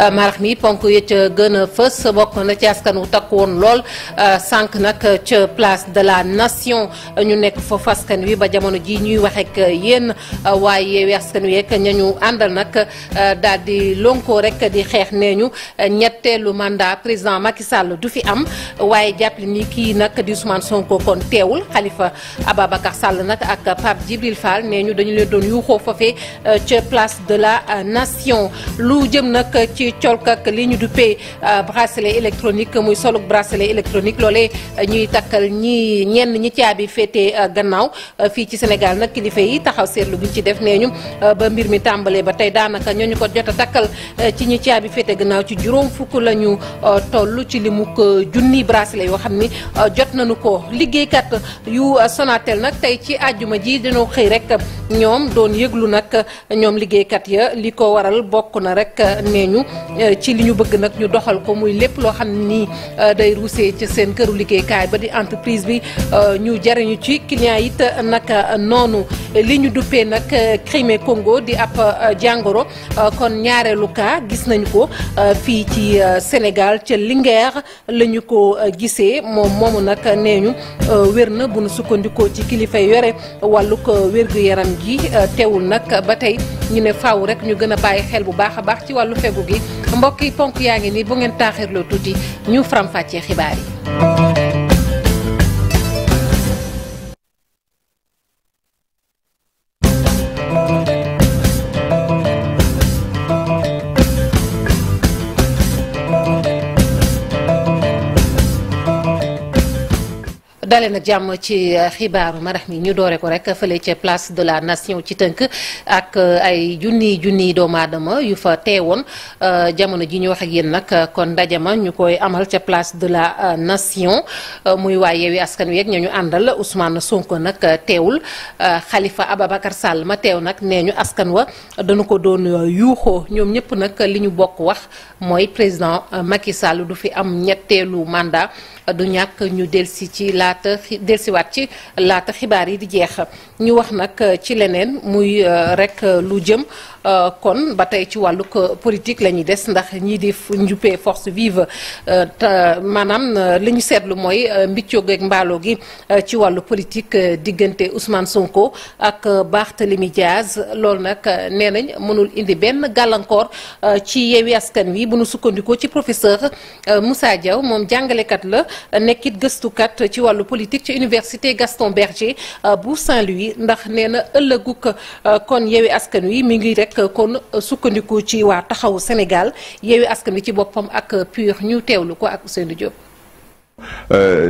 Euh, marax mi ponk yi ca gën a fës bokk na ci askan wu takk woon lool euh, sànq nag place de la nation ñu nekk foofu askan wi ba jamono ji ñuy wax ak yéen euh, waaye yeewi askan wi rek ña àndal nag daal di lonkoo rek di xeex nee ñetteelu mandat président Macky Sall du fi am waaye jàppale ni kii nag di Ousmane Sonko kon teewul Khalifa Ababacar Sall nag ak Pape Djibril Fall nee ñu dañu leen doon yuuxoo foofee ci place de la nation lu jëm nag ci ci colk ak li ñu duppee euh, bracelet électronique muy soluk bracelet électronique loole euh, ñuy takkal ñi ñenn ñi caabi féete euh, gannaaw fii ci Sénégal nag kilifa yi taxaw seetlu buñ ci def nee ñu ba mbir mi tàmbalee ba tey daanaka ñooñu ko jot a takkal ci ñi caabi féete gannaaw ci juróom fukk la ñu toll ci li mu ko junni bracelet yoo xam ni jot nañu ko liggéeykat yu Sonatel nag tey ci àjjuma ji dañoo xëy rek ñoom doon yëglu nag ñoom liggéeykat ya li ko waral bokk na rek nee Euh, ci li ñu bëgg nag ñu doxal ko muy lépp loo xam ni euh, day ruusee ci seen këru liggéeykaay ba di entreprise bi euh, ñu jariñu ci client yit nag noonu li ñu duppee nag Crimée Congo di ab jàngoro kon ñaareelu cas gis nañu ko fii ci Sénégal ca Linguère la ñu ko gisee moom moomu nag nee ñu wér na bu nu sukkandikoo ci kilifa yore wàllu wér wérgu yaram gi teewul nag ba tey ñu ne faw rek ñu gën a bàyyi xel bu baax a baax ci wàllu fegu gi mbokk yi ponk yaa ngi nii bu ngeen taaxirloo tuuti ñu faram-fàccee xibaar yi. dalee nag jàmm ci euh, xibaaru marax nii ñu doore ko rek fële ca place de la nation ci tënk ak euh, ay junni junni doomu aadama yu fa teewoon euh, jamono ji ñu wax ak yéen nag kon ndaje ma ñu koy amal ca place de la nation muy waa Yewwi Askan Wi ak ña ñu àndal Ousmane Sonko nag teewul xalifa Ababacar Sall ma teew nag nee ñu askan wa dañu ko doon yuuxoo ñoom ñëpp nag li ñu bokk wax mooy président Macky Sall du fi am ñetteelu mandat. du ñàkk ñu delsi ci laata delsiwaat ci laata xibaar yi di jeexa ñu wax nag ci leneen muy euh, rek lu jëm Euh, kon batay ci politique la dess des ndax ñi def ñuppé force vive euh, manam euh, li sétlu moy mooy mbiccoo geeg gi ci walu politique digënté Ousmane Sonko ak Barthélemy Diaz lool nak nee mënul indi ben gàllankoor ci yeewi askan wi bu ñu sukkandiko ci professeur Moussa Diaw jàngalé kat la nekkit kat ci politique ci université Gaston Berger bu Saint-Louis ndax néna na kon yeewi askan wi mi ngi Euh, kon euh, sukkandiku ci waa taxawu Sénégal yeewi askan bi ci boppam ak euh, PUR ñu teewlu ko ak Ousseynou Diop.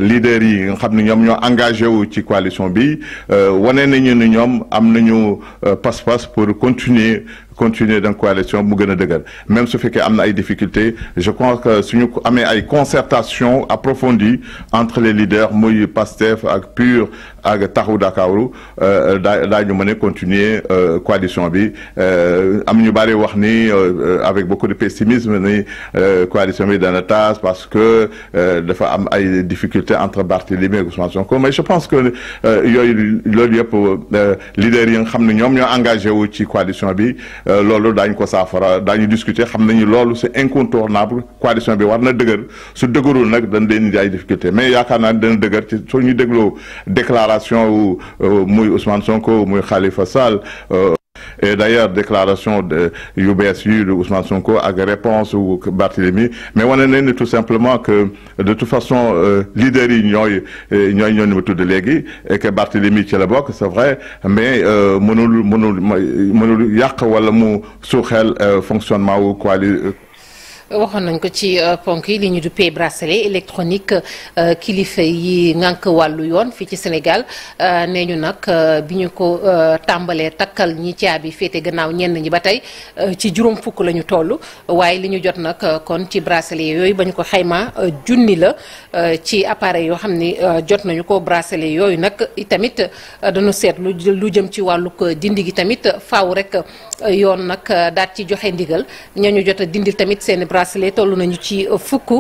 leader yi nga xam ne ñoom ñoo engagé wu ci coalition bi wane nañu ni ñoom am nañu pas-pas pour continuer. continuer dans coalition mu gën Même ce même su fekkee am ay difficultés je crois que suñu avons ay concertation approfondie entre les leaders muy PASTEF ak PUR ak Tahou Dakarou euh, continuer la euh, continuer coalition bi euh, am ñu bari avec beaucoup de pessimisme ni coalition dans la tasse parce que y a des difficultés entre Barthélémy et Ousmane Sonko mais je pense que il y a leaders yi nga les leaders ñoo engagé wu coalition Euh, loolu daañ ko saafara daañu discuter xam nañu loolu c'est incontournable coalition bi war na dëgër su dëgërul nag dañ leen di ay difficulté mais yaakaar naa ne dana dëgër ci soo ñu dégloo déclaration euh, muy Ousmane Sonko muy Khalifa Sall. Euh, Et d'ailleurs, déclaration de UBSU, de Ousmane Sonko, à réponse ou Barthélémy. Mais on est tout simplement que, de toute façon, euh, leader, il a une de et que Barthélémy, c'est là-bas, c'est vrai, mais, il n'y a pas yak, wala, euh, fonctionnement ou quoi, waxoon nañ ko ci euh, ponk yi li ñu duppee bracelet électronique euh, kilifa yi ngànk wàllu yoon fii ci Sénégal euh, nee ñu nag bi ñu ko tàmbalee takkal ñi caabi féete gannaaw ñenn ñi ba tey ci juróom fukk la ñu toll waaye li ñu jot nag kon ci bracelet yooyu ba ñu ko xaymaa junni la ci appareil yoo xam ni jot nañu ko bracelet yooyu nag tamit dañu seet lu jëm ci wàllu ko dindi gi tamit faaw rek yoon nag daal ci joxe ndigal ñañu jot a dindil tamit seen bracelet toll nañu ci euh, fukk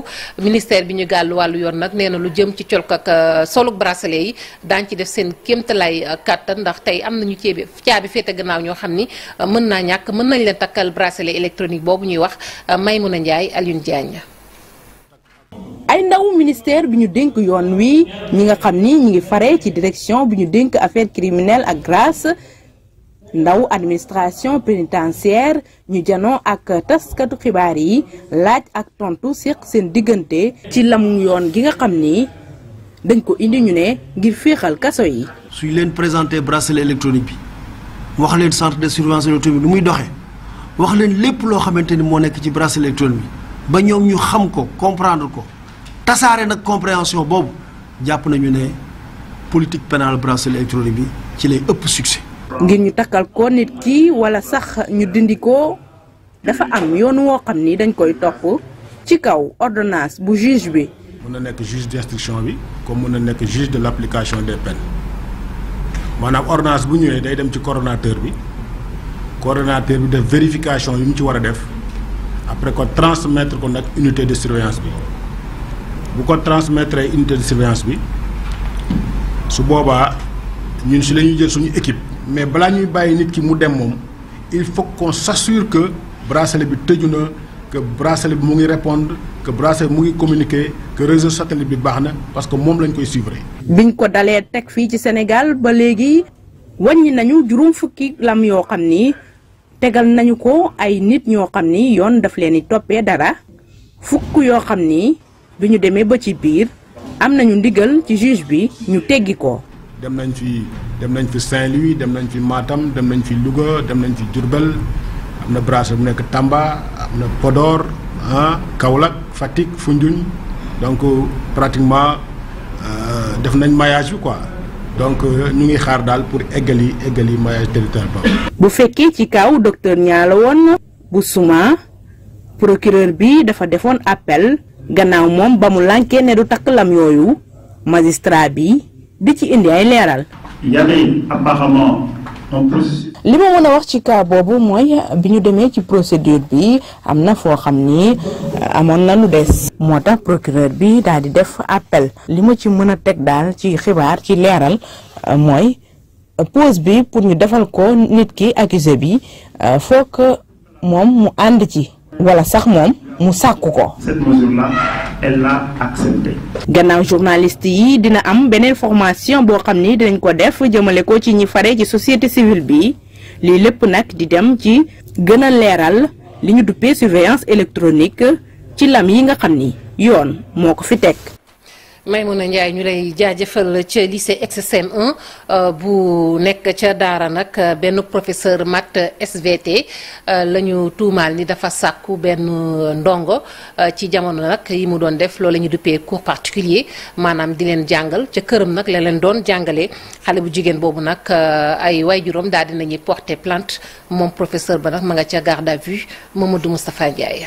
ministère bi ñu gàll wàllu yoon nag nee na lu jëm ci colk ak euh, soluk bracelet yi daañ ci def seen kéemtalaay euh, kàttan ndax tey am nañu ceebe caabi féete gannaaw ñoo xam ni mën naa ñàkk mën nañ leen takkal bracelet électronique boobu ñuy wax Maymouna Ndiaye Alioune Diagne. ay ndaw ministère bi ñu dénk yoon wi ñi nga xam ni ñi ngi fare ci direction bu ñu dénk affaire criminelle ak grâce ndaw administration pénitentiaire ñu jano ak taskatu xibaar yi laaj ak tontu séq seen diggante ci lam yoon gi nga xam ni dañ ko indi ñu ne ngir féexal kaso yi. suñ leen présenté bracelet électronique bi wax leen centre de surveillance électronique bi nu muy doxee wax leen lépp loo xamante ni moo nekk ci bracelet électronique bi ba ñoom ñu xam ko comprendre ko tasaare nag compréhension boobu jàpp nañu ne politique pénale bracelet électronique bi ci lay ëpp succès. ngir ñu takkal ko nit ki wala sax ñu dindi ko dafa am yoon woo xam ni dañ koy topp ci kaw ordonnance bu juge bi. mun na nekk juge d'instruction bi comme mun na nekk juge de l'application des peines maanaam ordonnance bu ñëwee day dem ci coordonnateur bi coordonnateur bi def vérification yi mu ci war a def après ko transmettre ko nag unité de surveillance bi bu ko transmettre unité de surveillance bi su boobaa ñun si lañuy jël suñu équipe. mais balaa ñuy bàyyi nit ki mu dem moom il faut qu'on s'assure que bracelet bi tëju na que bracelet bi mu ngi répondre que bracelet bi mu ngi communiquer que réseau satellite bi baax na parce que moom lañ koy suivre. biñ ko dalee teg fii ci Sénégal ba léegi wàññi nañu juróom fukki lam yoo xam ni tegal nañu ko ay nit ñoo xam ni yoon daf leen di toppee dara fukk yoo xam ni bi ñu demee ba ci biir am nañu ndigal ci juge bi ñu teggi ko. dem nañ ci dem nañ fi saint louis dem nañ fi matam dem nañ fi louga dem nañ fi djourbel amna na brasse bu nek tamba amna podor hein ah, kaolack fatik fundun, donc pratiquement euh, def nañ mariage quoi donc euh, ñu ngi xaar dal pour égali égali mariage territoire ba bu fekkee ci kaw docteur ñaala won bu suma procureur bi dafa defoon appel gannaaw mom ba lanké né du tak lam yoyu magistrat bi di ci indi ay leeral y avait apparemment processus. wax ci cas bobu moy biñu démé ci procédure bi amna fo xamni euh, amon na lu des. moo procureur bi dal di def appel li ci mën tek dal ci xibaar ci léral euh, moy euh, pause bi pour ñu défal ko nit ki accusé bi foog mom mu and ci wala sax mom mu sàkku ko. gannaaw journaliste yi dina am beneen formation boo xam ni dinañ ko def jëmale ko ci ñi fare ci société civile bi lii lépp nag di dem ci gën a leeral liñu ñu duppee surveillance électronique ci lam yi nga xam ni yoon moo ko fi teg. Maimouna Ndiaye ñu lay jaajëfal ca lycée XSM1 euh, bu nekk ca Daara nag benn professeur math euh, SVT la ñu tuumaal ni dafa sàkku benn ndongo euh, ci jamono nag yi mu doon def loolu la ñu duppee cours particulier maanaam di leen jàngal ca këram nag la leen doon jàngalee xale bu jigéen boobu nag ay waajuram daal di nañuy porter plainte moom professeur ba nag ma nga ca garde à vue Mamadou Moustapha Ndiaye.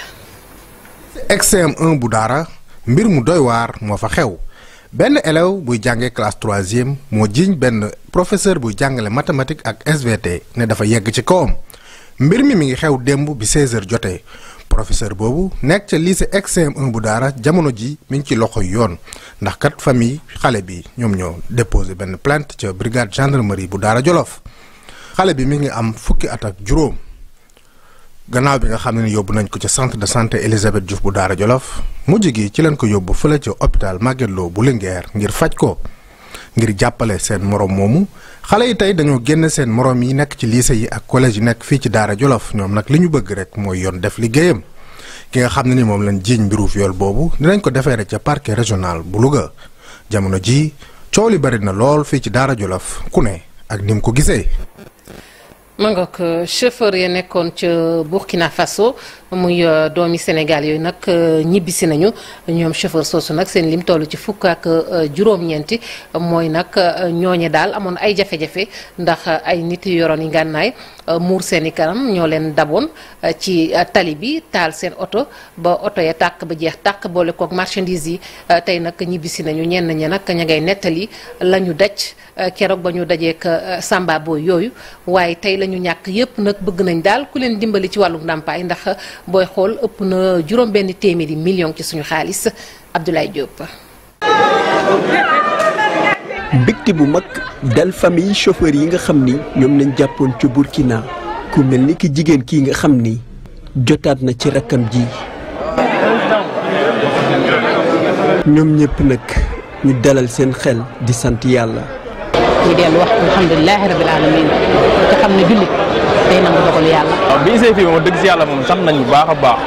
XSM1 bu Daara. mbir mu doy waar moo fa xew benn élève buy jàngee classe troisième moo jiiñ benn professeur buy jàngale mathématique ak SVT ne dafa yegg ci kawam mbir mi mi ngi xew démb bi 16h jotee professeur boobu nekk ca lycée XCM1 bu daara jamono ji mi ngi ci loxo yoon ndax kat famille xale bi ñoom ñoo déposé benn plainte ca brigade gendarmerie bu daara Jolof xale bi mi ngi am fukki at ak juróom gannaaw bi nga xam ne yóbbu nañ ko ca centre de santé Elisabeth Diouf bu daara Jolof mujj gi ci leen ko yóbbu fële ci hôpital Magatte Lô bu Linguère ngir faj ko ngir jàppale seen moroom moomu xale yi tey dañoo génn seen morom yi nekk ci lycée yi ak collège yi nekk fii ci Daara Jolof ñoom nag li ñu bëgg rek mooy yoon def liggéeyam ki nga xam ne ni moom lañ jiiñ mbiru viol boobu dinañ ko defeere ca parquet régional bu Louga jamono ji coow li bari na lool fii ci Daara Jolof ku ne ak ni ko gisee. ma nga ko chauffeur ya nekkoon ca Burkina Faso. muy euh, doomi Sénégal yooyu nag euh, ñibbisi nañu ñoom chauffeur soosu nag seen lim tollu ci fukk ak euh, juróom-ñeenti mooy nag ñooñe daal amoon ay jafe-jafe ndax ay nit yu yoroon yi ngànnaay muur seen i kanam ñoo leen daboon ci tali bi taal seen oto ba oto ya tàkk ba jeex tàkk boole kook marchandise yi tey nag ñibbisi nañu ñenn ñi nag ña ngay nettali la ñu daj keroog ba ñu dajeek samba booy yooyu waaye tey la ñàkk yëpp nag bëgg nañ daal ku leen dimbali ci wàllu booy xool ëpp na juróom benn téeméeri million ci suñu xaalis Abdoulaye Diop. mbégte bu mag dal famille chauffeur yi nga xam ni ñoom lañ jàppoon ci Burkina ku mel ni ki jigéen kii nga xam ni jotaat na ci rakkam ji. ñoom ñëpp nag ñu dalal seen xel di sant yàlla. ñu dellu wax alhamdulilah rabil alamin te xam ne jullit tey nangu dogalu yàlla. waaw bi ñu fii moom dëgg si yàlla moom sant nañ bu baax a baax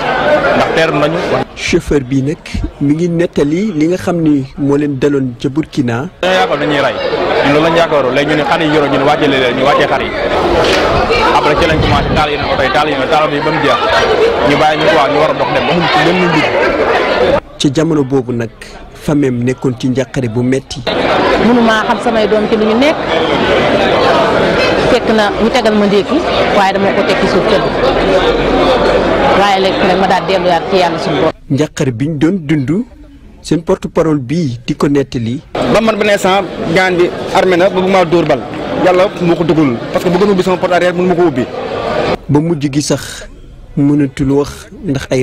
ndax teer nañu. chauffeur bi nag mu ngi nettali li nga xam ni moo leen daloon ca Burkina. dañoo yaakaar dañuy rey ñun loolu lañ yaakaaroon léegi ñu ne xar yi yoroon ñu ne wàccee leen ñu wàccee xar yi après ci lañ commencé taal yeneen oto yi taal yeneen taal yi ba mu jeex ñu bàyyi ñu quoi ñu war a dox dem ba mu ci ca jamono boobu nag famem nekkoon ci njàqare bu metti mënu maa xam samay fekk na ñu tegal ma ndéki waaye dama ko tekki suuf tëdd waaye léegi nag ma daal delluwaat ci suñu biñ doon seen porte parole di ko nettali ba man ba ne sant gaan bi na ba bu bal yàlla moo ko parce que bëggoon ubbi sama porte arrière ko ubbi ba mujj gi sax mënatul wax ndax ay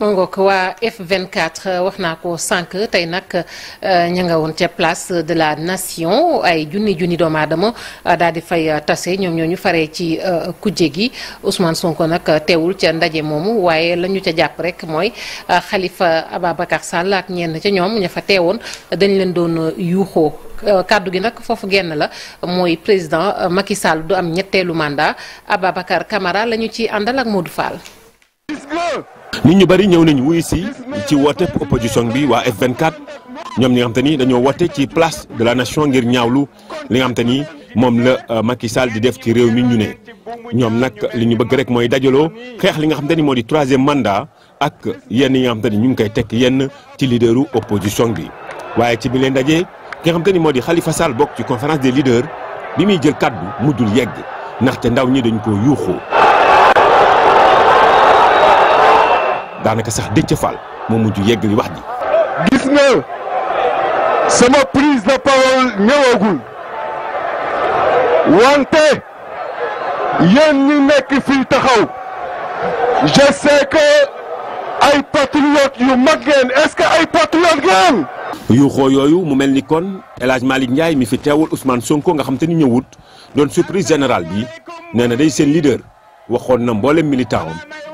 moo ngoog waa F24 wax naa ko sànq tey nag euh, ña nga woon ca place de la nation ay junni junni doomu aadama euh, daal di fay euh, tase ñoom ñoo ñu faree ci kuje gi Ousmane Sonko nag teewul ca ndaje moomu waaye la ñu ca jàpp rek mooy xalifa Ababacar Sall ak ñenn ca ñoom ña fa teewoon dañ leen doon yuuxoo. kàddu gi nag foofu genn la mooy président Macky Sall du am ñetteelu mandat Ababacar Camara la ñu ci àndal ak Modou Fall. nit ñu bëri ñëw nañu wuyu si ci woote opposition bi waa f ñoom ñi nga xam ni dañoo woote ci place de la nation ngir ñaawlu li nga xam te ni moom la euh, Macky Sall di def ci réew mi ñu ne ñoom nag li ñu bëgg rek mooy dajaloo xeex li nga xam te ni moo di troisième mandat ak yenn yi nga xam ni ñu ngi koy tekk yenn ci leaderu opposition bi. waaye ci bi leen dajee ki nga xam te ni moo di xalifa Sall bokk ci conférence des leaders bi muy jël bu mujjul yegg ndaxte ndaw ñi dañ ko yuuxoo. daanaka sax Déthié Fall moo mujj yegg li wax ji. gis nga sama prise de parole ñëwagul wante yéen ñi nekk fii taxaw je que ay patriote yu mag ngeen est-ce ay patriote ngeen. yuuxoo yooyu mu mel ni kon El Hadj njaay mi fi teewul Ousmane Sonko nga xam te ni ñëwut doon surprise générale bi nee na day seen leader waxoon na mboolem militant am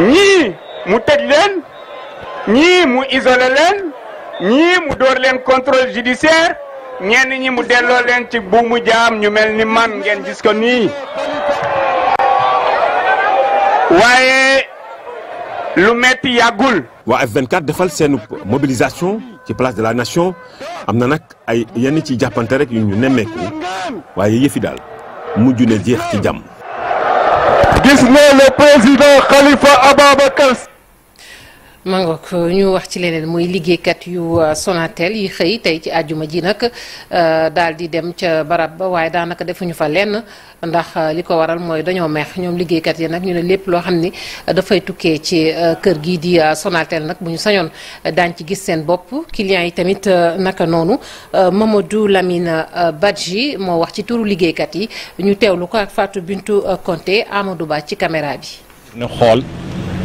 ñii mu tëj leen ñii mu isolé leen ñii mu door leen contrôle judiciaire ñenn ñi mu delloo leen ci buumu jaam ñu mel ni man ngeen gis ko nii waaye lu metti yàggul. waa f defal seen mobilisation ci place de la nation am na nag ay yenn ci jàppante rek yu ñu nemmeeku waaye yëfi daal mujj na jeex ci jàmm. باسم البريزيدان خليفه ابا بكر ma ngoog ñu wax ci leneen muy liggéeykat yu euh, Sonatel yi xëy tey ci àjjuma ji nag euh, daal di dem ca barab ba waaye daanaka defuñu fa lenn ndax euh, li ko waral mooy dañoo meex ñoom liggéeykat yi nag ñu ne lépp loo xam ni dafay tukkee ci kër gi di Sonatel nag bu ñu sañoon daañ ci gis seen bopp clients yi tamit naka noonu Mamadou Lamine Badji moo wax ci turu liggéeykat yi ñu teewlu ko ak Fatou Bintou Conté Amadou Ba ci caméra bi.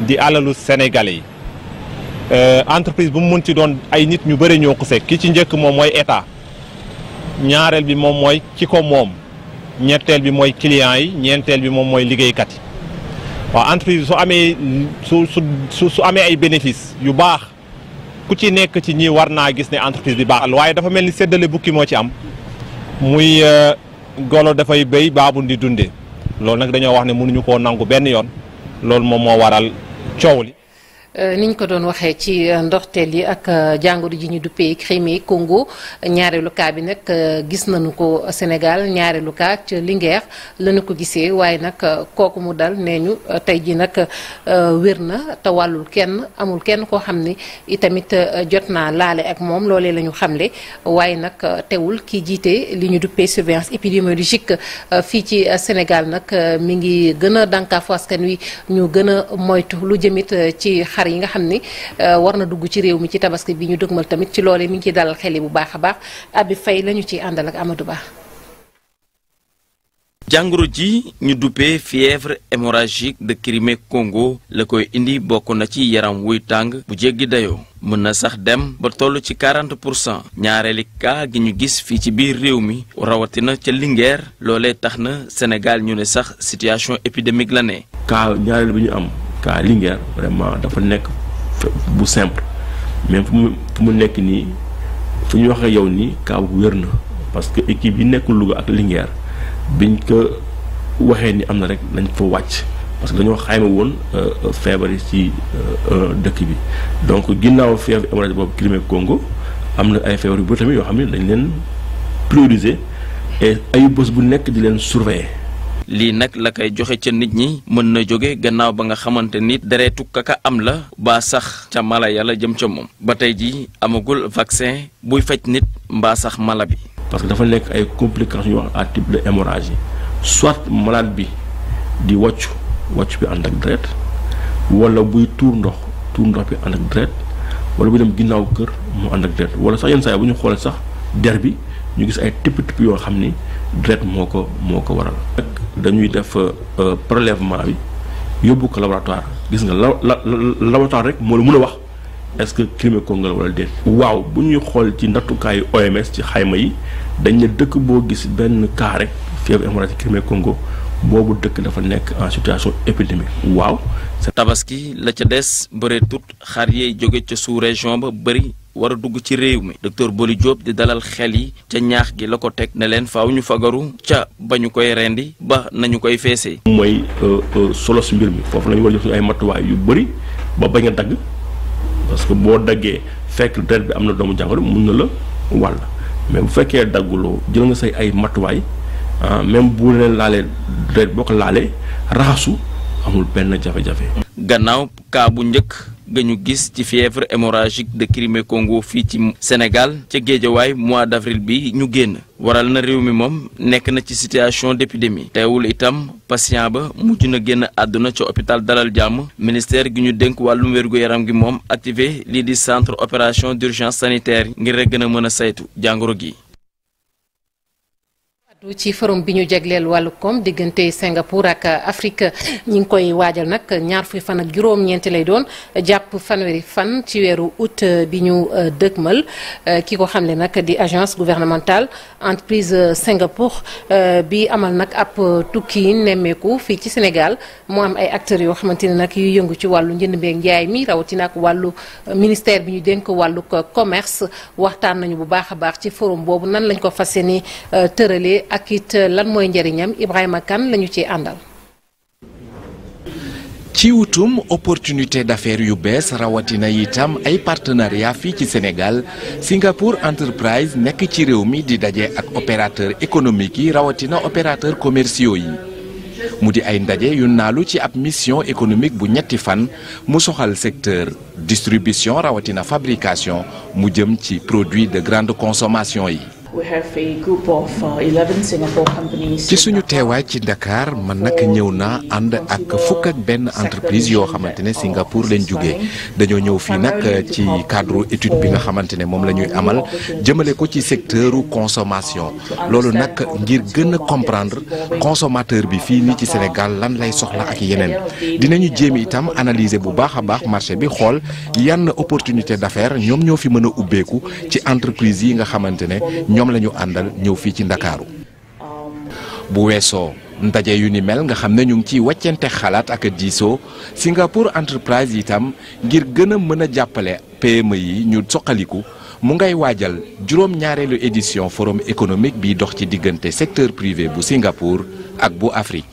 di alalu sénégalais yi euh, entreprise bu mu mun ci doon ay nit ñu bëri ñoo ko ki ci njëkk moom mooy état ñaareel bi moom mooy ki ko moom bi mooy client yi ñeenteel bi moom mooy liggéeykat yi waaw entreprise su amee su su su ay bénéfice yu baax ku ci nekk ci ñi war naa gis ne entreprise bi baax waaye dafa mel ni séddale bukki ci am muy euh, golo dafay béy di dunde loolu nag dañoo wax ne mënuñu koo nangu benn yoon loolu moom moo waral coow li Euh, ni ñu ko doon waxee ci euh, ndoxteel yi ak euh, jàngoro ji ñu duppee Crimée Congo ñaareelu cas bi nag gis nañu ko Sénégal ñaareelu cas ca Linguère lañu ko gisee waaye nag kooku mu dal nee ñu tey ji nag wér na te wàllul kenn amul kenn koo xam ni itamit jot naa laale ak moom loolee lañu xamle waaye nag teewul kii jiite li ñu duppee surveillance épidémiologique fii ci Sénégal nag mi ngi gën a dànkaafu wi ñu gën a moytu lu jëmit ci xar yi nga xam ni euh, war na dugg ci réew mi ci tabaski bi ñu dëgmal tamit ci loolee mi ngi ciy dalal xel bu baax a baax Abi Faye la ñu ciy àndal Ba. jàngoro ji ñu duppee fièvre hémorragique de crimée kongo la koy indi bokk na ci yaram wuy tàng bu jéggi dayoo mën na sax dem ba toll ci 40 pour cent ñaareeli cas gi ñu gis fii ci biir réew mi rawatina ca Linguère loole tax na Sénégal ñu ne sax situation épidémique la ne. cas ñaareel bi ñu am. cas Linguère vraiment dafa nekk bu simple mais fu mu fu mu nekk nii fu ñu waxee yow nii cas bu wér na parce que équipe yi nekkul Louga ak Linguère biñ ko waxee ni am na rek nañ fa wàcc parce que dañoo xayma woon euh, feebar yi ci euh, euh, dëkk bi donc ginnaaw feebar hémorragie boobu Crimée Congo am na ay feebar yu bëri tamit yoo xam ne dañ leen prioriser et ay bés bu nekk di leen surveiller. li nak la kay joxe ci nit ñi mën na joggé gannaaw ba nga xamante ni deretu kaka am la ba sax ca mala yalla jëm ci mom ba tay ji amagul vaccin buy faj nit ba sax mala bi parce que dafa lek ay complications à type de hémorragie soit malade bi di watch watch bi anak ak deret wala buy tour ndox tour ndox bi ànd ak deret wala bu dem ginnaw kër mu ànd ak deret wala sax yeen say buñu sax ñu gis ay tipp tipp yoo xam ni deret moo ko moo ko waral. dañuy def euh, prélèvement bi yóbbu ko laboratoire gis nga la la laboratoire rek moo la mun a wax est-ce que crime ko nga wala waaw bu ñuy xool ci nattukaayu OMS ci xayma yi dañ ne dëkk boo gis benn cas rek fièvre hémorragique Crimée Congo boobu dëkk dafa nekk en situation épidémique waaw. tabaski la ca des bëreetut xar yey jóge ca sous région ba bëri war a dugg ci réew mi docteur Boli Diop di dalal xel yi ca ñaax gi la ko teg ne leen faaw ñu fagaru ca ba ñu koy rendi ba nañu koy feesee. mooy euh, euh, solo si mbir mi foofu la ñu war a jox suñu ay matuwaay yu bëri ba bañ a dagg parce que boo daggee fekk deret bi am na doomu jàngoro mun na la wàll mais bu fekkee dagguloo jël nga say ay matuwaay ah, même bu leen laalee deret boo ko laalee raxasu amul benn jafe-jafe. gannaaw kaa njëkk. ga ñu gis ci fièvre hémorragique de Crimée kongo fii ci Sénégal ca Géejawaay mois d' avril bi ñu génn waral na réew mi moom nekk na ci situation d' épidémie teewul itam patient ba mujj na génn àdduna ca hôpital Dalal Jàmm ministère gi ñu dénk wàllum wér-gu-yaram gi moom activé lii di centre opération d' urgence sanitaire ngir rek gën a mën a saytu jàngoro gi addu ci forum bi ñu jegleel wàllu koom diggante Singapour ak Afrique ñi ngi koy waajal nag ñaar fukki fan ak juróom-ñeenti lay doon jàpp fanweeri fan ci weeru août bi ñu euh, dëgmal euh, ki ko xamle nag di agence gouvernementale entreprise Singapour euh, bi amal nag ab tukki nemmeeku fii ci Sénégal moo am ay acteur yoo xamante ne nag yuy yëngu ci wàllu njënd mbeeg njaay mi rawatina wàllu ministère bi ñu dénk wàllu commerce waxtaan nañu bu baax a baax ci forum boobu nan lañ ko fas yéene tëralee ak it euh, lan mooy njëriñam Ibrahima Kane la ci àndal. ci wutum opportunité d'affaires yu bees rawatina itam ay partenariat fii ci Sénégal Singapore Enterprise nekk ci réew mi di daje ak opérateur économique yi rawatina opérateur commerciaux yi mu di ay ndaje yu naalu ci ab mission économique bu ñetti fan mu soxal secteur distribution rawatina fabrication mu jëm ci produits de grande consommation yi ci suñu teewaay ci Dakar man nag ñëw naa ànd ak fukk ak benn entreprise yoo xamante ne Singapour lañ jógee dañoo ñëw fii nag ci cadre étude bi nga xamante ne moom la ñuy uh, amal jëmale ko ci secteuru consommation loolu nag ngir gën a comprendre consommateur bi fii nii ci Sénégal lan lay soxla ak yeneen dinañu jéem itam analyser bu baax a baax marché bi xool yan opportunité d'affaires ñoom ñoo fi mën a ubbeeku ci entreprise yi nga xamante ne ñoom la ñu àndal ñëw fii ci ndakaaru bu weesoo ndaje yu ni mel nga xam ne ñu ngi ciy wàccante xalaat ak a diisoo Singapore Enterprise itam ngir gën a mën a jàppale PME yi ñu soqaliku mu ngay waajal juróom ñaareelu édition forum économique bi dox ci diggante secteur privé bu Singapour ak bu Afrique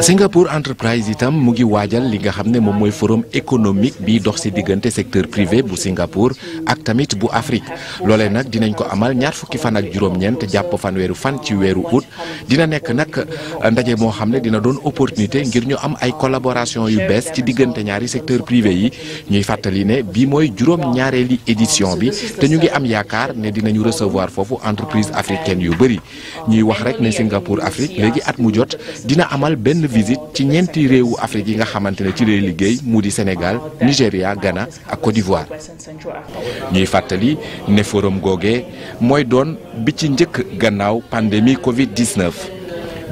Singapore Enterprise itam mu ngi waajal li nga xam ne moom mooy forum économique bi dox ci diggante secteur privé bu Singapour ak tamit bu Afrique loole nag dinañ ko amal ñaar fukki fan ak juróom-ñeent jàpp fan ci weeru août dina nekk nag ndaje moo xam ne dina doon opportunité ngir ñu am ay collaboration yu bees ci diggante ñaari secteur privé yi ñuy fàttali ne bii mooy juróom-ñaareeli édition bi te ñu ngi am yaakaar ne dinañu recevoir foofu entreprise africaine bëri ñuy wax rek ne Singapour Afrique léegi at mu jot dina amal benn visite ci ñeenti réewu Afrique yi nga xamante ne ci lay liggéey mu di Sénégal Nigéria gana ak Côte d'Ivoire. ñuy fàttali ne forum googee mooy doon bi ci njëkk gannaaw pandémie Covid 19.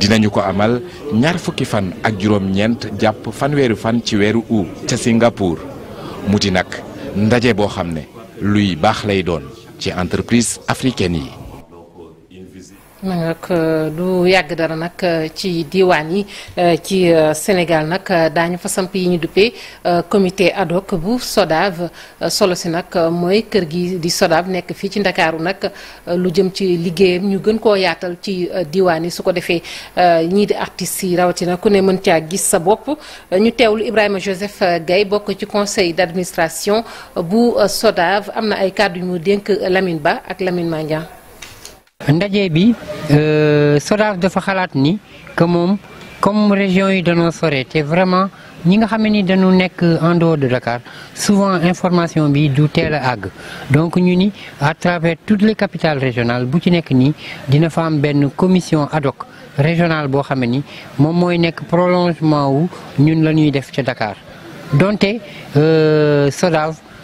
dinañu ko amal ñaar fukki fan ak juróom-ñeent jàpp fanweeri fan ci weeru août ca Singapour mu di nag ndaje boo xam ne luy baax lay doon ci entreprise africaine yi. ma nag du yàgg dara nag euh, ci diwaan yi euh, ci euh, Sénégal nag daañu fasampi yi ñu duppee comité ad hoc bu SODAV solo si nag mooy kër gi di SODAV nekk fii ci ndakaaru nag lu jëm ci liggéeyam ñu gën koo yaatal ci diwaan yi su ko defee ñii di artistes yi rawatina ku ne mën caa gis sa bopp ñu teewlu Ibrahima Joseph Gaye bokk ci conseil d'administration bu SODAV am na ay kàddu yu mu dénk Lamine Ba ak Lamine Mandiang ndaje bi euh, sodar dafa xalaat ni que moom comme région yi dañoo sore te vraiment ñi nga xam ni dañu nekk en dehors de Dakar souvent information bi du teel a àgg donc ñu ni à travers toutes les capitales régionales bu ci nekk ni dina fa am benn commission ad hoc régionale boo xam ni moom mooy nekk prolongement wu ñun la ñuy def ca Dakar donte euh, SODAV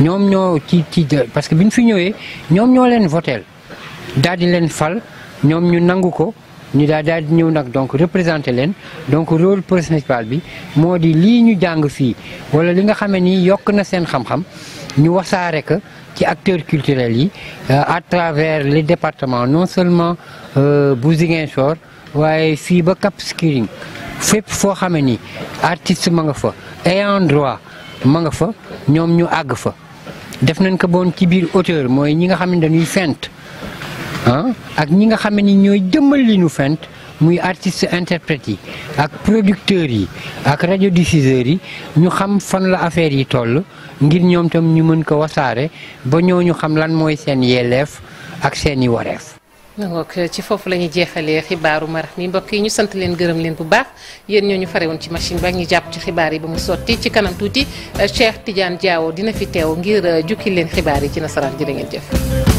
ñoom ñoo ci ci parce que bi ñu fi ñëwee ñoom ñoo leen voteel daal di leen fal ñoom ñu nangu ko ñu daal daal di ñëw nag donc représenté leen donc rôle principal bi moo di lii ñu jàng fii wala li nga xamee ni yokk na seen xam-xam ñu wasaare ko ci acteurs culturels yi euh, à travers les départements non seulement euh, bu Ziguinchor waaye fii ba Cap Skirring fépp foo xamee ni artiste ma nga fa ayant droit ma nga fa ñoom ñu àgg fa def nañ ko bon ci biir auteur mooy ñi nga xam ne dañuy fent ah ak ñi nga xam ni ñooy jëmmal li fent muy artiste interprète yi ak producteurs yi ak radiodiffuseurs yi ñu xam fan la affaire yi toll ngir ñoom tam ñu mën ko wasaare ba ñu xam lan mooy seen yelleef ak seeni wareef donc eh, ci foofu la ñuy jeexalee xibaaru marax mi mbokk yi ñu sant leen gërëm leen bu baax yéen ñoo ñu fare woon ci machine ba ñu jàpp ci xibaar yi ba mu sotti ci kanam tuuti eh, Cheikh Tidiane Diawo dina fi teew ngir eh, jukki leen xibaar yi ci nasaraan jërë ngeen jëf.